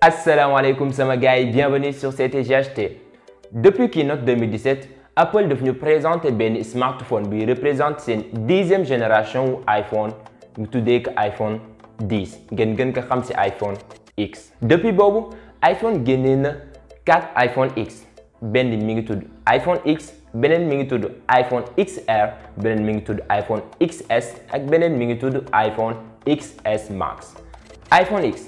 asalaamaaleykum sama gars yi bienvenue sur CTGHT depuis Keynote 2017 Apple def ñu présenté benn smartphone bi représente seen dixième génération wu iPhone ñu tuddee ko iPhone 10 ngeen gën ko xam ci iPhone X. depuis boobu iPhone génnee na 4 iPhone X benn mi ngi tudd iPhone X. beneen mi ngi tudd iPhone XR beneen mi ngi tudd iPhone XS ak beneen mi ngi tudd iPhone XS Max iPhone X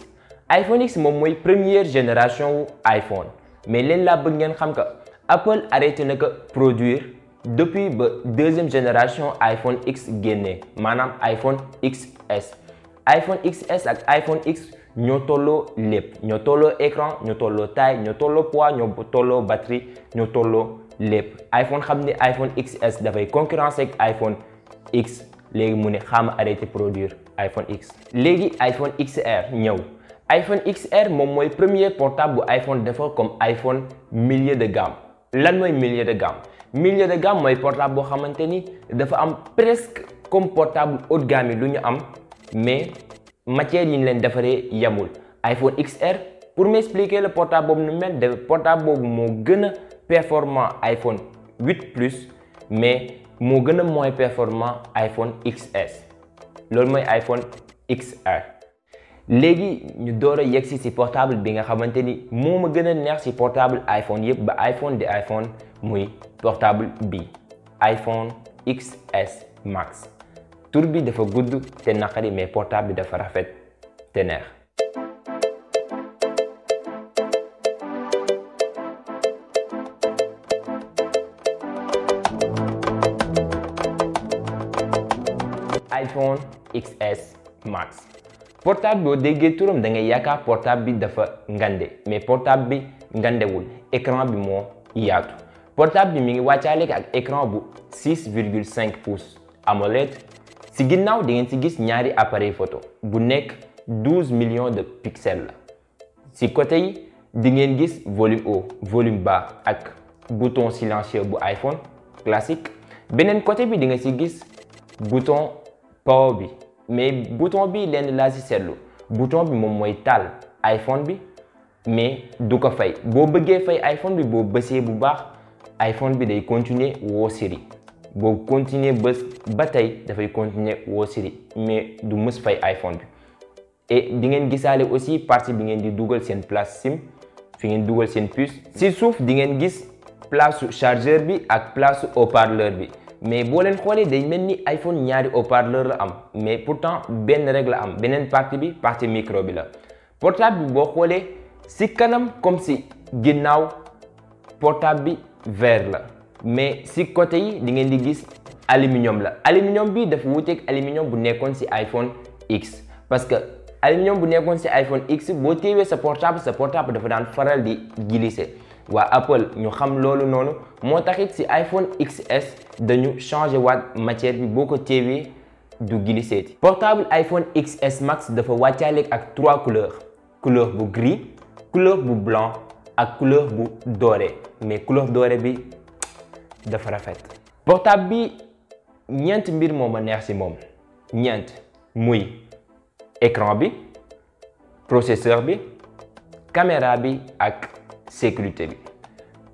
iPhone X moom mooy première génération wu iPhone mais leen la bëgg ngeen xam ka Apple arrêté na ko produire depuis ba deuxième génération iPhone X génnee maanaam iPhone XS iPhone XS ak iPhone X ñoo tolloo lépp ñoo tolloo écran ñoo tolloo taille ñoo tolloo poids ñoo tolloo batterie ñoo tolloo lépp iPhone xam ne iPhone XS dafay concurrence ak iPhone X léegi mu ne xaama arrêté produire iPhone X léegi iPhone XR ñëw iPhone XR moom mooy premier portable bu iPhone dafa comme iPhone milieu de gamme lan mooy millier de gamme milieu de gamme mooy portable boo xamante ni dafa am presque comme portable haut de yi lu ñu am mais matière yi ñu leen defaree yemul iPhone XR pour m'expliquer le portable boobu nu mel de portable boobu moo gën performant iPhone 8 plus mais moo gën a mooy performant iPhone XS loolu mooy iPhone XR léegi ñu door a yegsi ci portable bi nga xamante ni moo ma gën a neex ci portable iPhone yëpp ba iPhone di iPhone muy portable bi iPhone XS Max tur bi dafa gudd te naqari mais portable bi dafa rafet te neex. iPhone XS Max portable boo déggee turam da ngay yaakaar portable bi dafa ngande mais portable bi ngandewul écran bi moo yaatu portable bi mi ngi wàccaale ak écran bu 6,5 pouces AMOLED si ginnaaw di ngeen ci gis ñaari appareil photo bu nekk 12 millions de pixels la si côté yi di ngeen gis volume haut volume bas ak bouton silencieux bu iPhone classique beneen côté bi di nga si gis buton power bi mais bouton bi lenn laa si seetlu bouton bi moom mooy taal iPhone bi mais du ko fay boo bëggee fay iPhone bi boo bësee bu baax iPhone bi day continuer woo Siri boo continuer bës ba tey dafay continuer wosiri mais du mës fay iPhone bi et di ngeen gisaale aussi partie bi ngeen di dugal seen place SIM fi ngeen dugal seen puce si suuf di ngeen gis place chargeur bi ak place haut bi mais boo leen xoolee dañ mel ni iPhone ñaari haut la am mais pourtant benn rek la am beneen partie bi partie micro bi la portable bi boo xoolee si kanam comme si ginnaaw portable bi vert la mais si côté yi di ngeen di gis aluminium la aluminium bi dafa wuuteeg aluminium bu nekkoon si iPhone X parce que aluminium bu nekkoon si iPhone X boo téewee sa portable sa portable dafa daan faral di glisser waa Apple ñu xam loolu noonu moo taxit ci iPhone XS dañu changé waat matière bi boo ko teewee du glisseeti portable iPhone XS Max dafa wàccaaleeg ak trois couleurs couleur bu gris couleur bu blanc ak couleur bu doré mais couleur doré bi dafa rafet portable bi ñeent mbir moo ma neex ci moom ñeent muy écran bi processeur bi caméra bi ak sécurité bi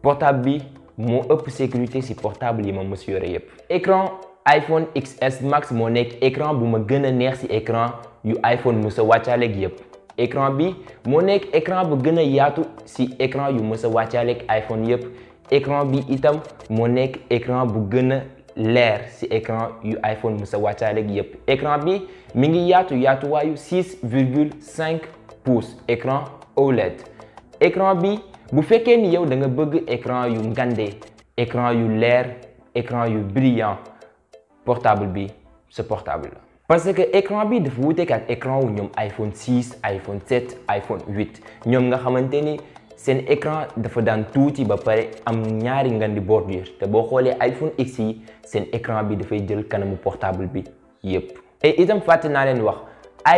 portable bi moo ëpp sécurité ci portable yi ma mës yore yépp ecran iPhone XS Max moo nekk écran bu ma gën a neex si écran yu iPhone mës a wàccaaleeg yépp bi moo nekk écran bu gën a yaatu ci écran yu mës a wàccaaleeg iPhone yépp ecran bi itam moo nekk écran bu gën a leer si écran yu iPhone mës a wàccaaleeg yépp écran bi mi ngi yaatu yaatuwaayu 6 virgule 5 pouces ecran OLED bi bu fekkee ni yow da nga bëgg écran yu ngande écran yu leer écran yu brillant portable bi sa portable la parce que ecran bi dafa wuuteek ak ecran wu ñoom iPhone 6 iPhone 7 iPhone 8 ñoom nga xamante ni seen écran dafa daan tuuti ba pare am ñaari ngandi bordure boo xoolee iPhone X yi seen écran bi dafay jël kanamu portable bi yëpp et itam fàtte naa leen wax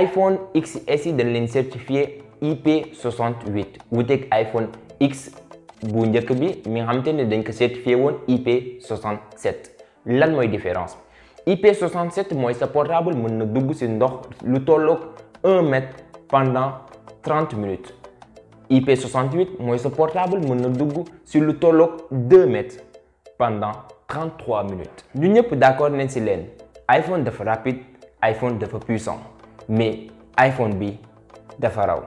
iPhone XS yi dañ leen certifié IP68 wuuteeg iPhone x bu njëkk bi mi nga xamante ne dañ ko certifié woon IP 67 lan mooy différence bi IP 67 mooy sa portable mën na dugg ci ndox lu tolloog 1 mètre pendant 30 minutes IP 68 mooy sa portable mën na dugg si lu tollook 2 mètres pendant 33 minutes ñu ñëpp d'accord nañ si leen iPhone dafa rapide iPhone dafa puissant mais iPhone bi dafa raw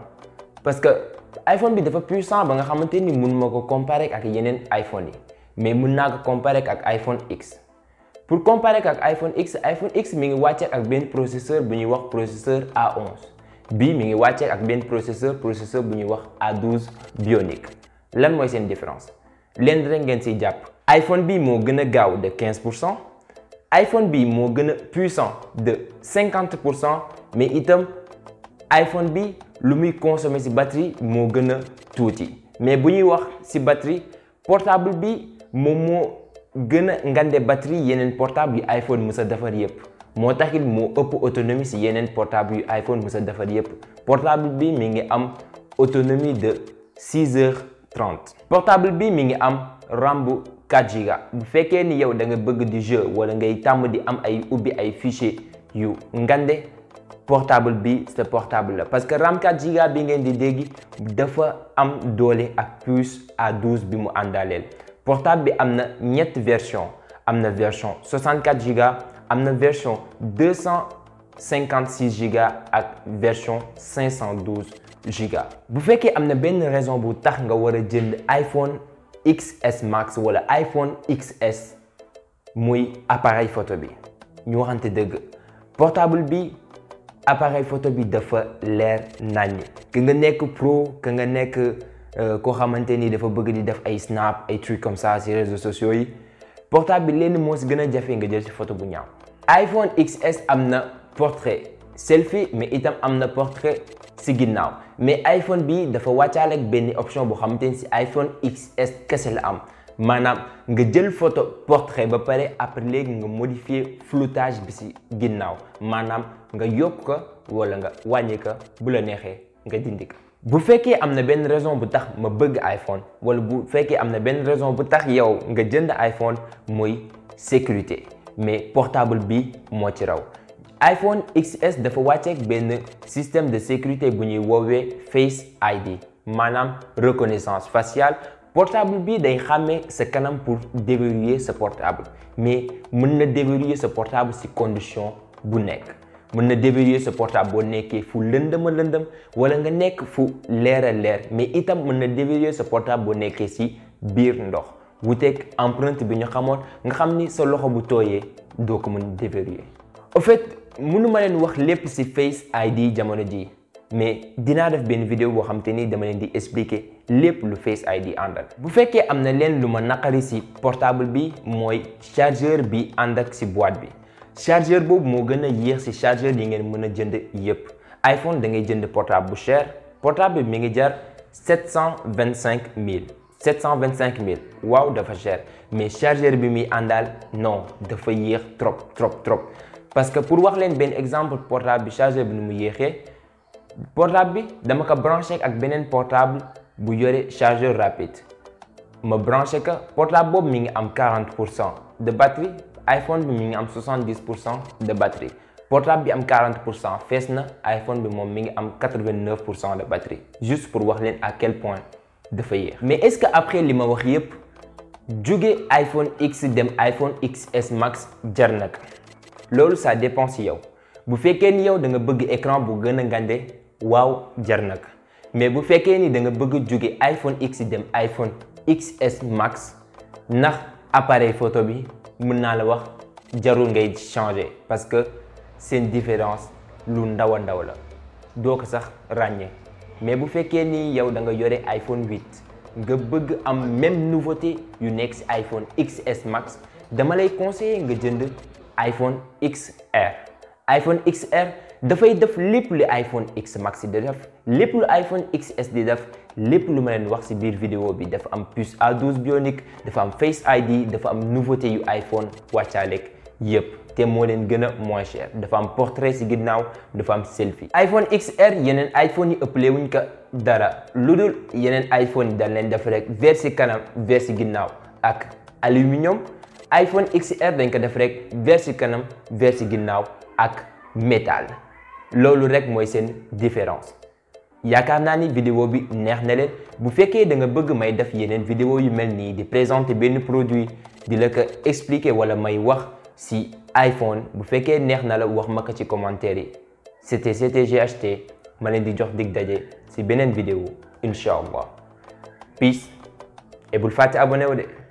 parce que iPhone bi dafa puissant ba nga xamante ni mun ma ko comparer ak yeneen iPhone yi mais mun naa ko comparer ak iPhone X pour comparer ak iPhone X iPhone X mi ngi wàcceek ak benn processeur bu ñuy wax processeur A11 bii mi ngi wàcceek ak benn processeur processeur bu ñuy wax A12 Bionic lan mooy seen différence leen rek ngeen si jàpp iPhone bi moo gën a gaaw de 15 pour cent iPhone bi moo gën a puissant de 50 pour cent mais itam iPhone bi lu muy consommer si batterie moo gën a tuuti mais bu ñuy wax si batterie portable bi moom moo gën a ngande batterie yeneen portable yu iPhone mës sa defar yëpp moo taxit moo ëpp autonomie si yeneen portable yu iPhone mës sa defar yëpp portable bi mi ngi am autonomie de 6 heures 30 portable bi mi ngi am RAM bu giga bu fekkee ni yow da nga bëgg di jeu wala ngay tàmm di am ay ubbi ay fichier yu ngande portable bi sa portable la parce que RAM 4 giga bi ngeen di dégg dafa am doole ak puce a bi mu àndaaleel portable bi am na ñetti version am na version 64 giga am na version 256 giga ak version 512 giga bu fekkee am na benn raison bu tax nga war a jënd iPhone XS Max wala iPhone XS muy appareil photo bi ñu dëgg portable bi appareil photo bi dafa leer naññ que nga nekk pro que nga nekk euh, koo xamante ni dafa bëgg di def ay snap ay trucs comme ça ci réseaux sociaux yi portable bi leen moo si gën a jafee nga jël si photo bu ñaaw iPhone XS am na portrait selfie mais itam am na portrait si ginnaaw mais iPhone bi dafa wàccaale ak benn option boo xamante ni si iPhone XS kese la am maanaam nga jël photo portrait ba pare après léegi nga modifier floutage bi ci ginnaaw maanaam nga yokk ko walla nga wàññi ko bu la neexee nga dindi bu fekkee am na benn raison bu tax ma bëgg iPhone walla bu fekkee am na benn raison bu tax yow nga jënd iPhone mooy sécurité mais portable bi moo ci raw iPhone XS dafa wàcceeg benn système de sécurité bu ñuy woowee Face ID maanaam reconnaissance faciale portable bi day xàmmee sa kanam pour déverrouiller sa portable mais mën na déverrouiller sa portable si condition bu nekk mën na déverrouiller sa portable boo nekkee fu lëndëma lëndëm wala nga nekk fu leer leer mais itam mën na déverrouiller sa portable boo nekkee si biir ndox wuuteeg empreinte bi ñu xamoon nga xam ni sa loxo bu tooyee doo ko mën déverrouiller au fait mënu ma leen wax lépp si Face ID jamono jii mais dinaa def benn vidéo boo xam te ni dama leen di expliquer lépp lu Face ID àndal bu fekkee am na leen lu ma naqari si portable bi mooy chargeur bi ànd ak si boîte bi chargeur boobu moo gën a yéex si chargeur yi ngeen mën a jënd yépp iPhone da ngay jënd portable bu cher portable bi mi ngi jar sept cent vingt cinq mille sept cent vingt cinq mille waaw dafa cher mais chargeur bi muy àndal non dafa yéex trop trop trop parce que pour wax leen benn exemple portable bi chargeur bi nu mu yéexee. portable bi dama ko branché ak beneen portable bu yore chargeur rapide ma branché ko portable boobu mi ngi am 40 pour cent de batterie iPhone bi mi ngi am 70 pour cent de batterie portable bi am 40 pour cent fees na iPhone bi moom mi ngi am 89 pour cent de batterie juste pour wax leen à quel point dafa yéex mais est-ce que après li ma wax yépp jóge iPhone X dem iPhone XS Max jar nag loolu sa dépend si yow bu fekkee ni yow da nga bëgg écran bu gën a ngande waaw jar nag mais bu fekkee ni danga bëgg jóge iPhone X dem iPhone XS Max ndax appareil photo bi mun naa la wax jarul ngay changer parce que seen différence lu ndaw a ndaw la doo ko sax ràññee mais bu fekkee nii yow da nga yore iPhone 8 nga bëgg am même nouveauté yu nekk si iPhone XS Max dama lay conseiller nga jënd iPhone XR iPhone XR dafay def lépp lu iPhone X Max di def lépp lu iPhone XS di def lépp lu ma leen wax si biir video bi dafa am plus A12 bionique dafa am Face ID dafa am nouveauté yu iPhone wàccaaleeg yépp te moo leen gën a moins dafa am portrait si ginnaaw dafa am selfie iPhone XR yeneen iPhone yi ëppale wuñ ko dara lu dul yeneen iPhone yi dañ leen def rek vers kanam vers ci ginnaaw ak aluminium iPhone XR dañ ko def rek vers ci kanam vers ci ginnaaw ak métal loolu rek mooy seen différence yaakaar naa ni vidéo bi neex na leen bu fekkee da nga bëgg may def yeneen vidéo yu mel nii di présenter benn produit di la ko expliquer wala may wax si iPhone bu fekkee neex na la wax ma ko ci commentaire yi c'était CTGHT ma leen di jox dig daje si beneen vidéo incha allah peace et bul fàtte de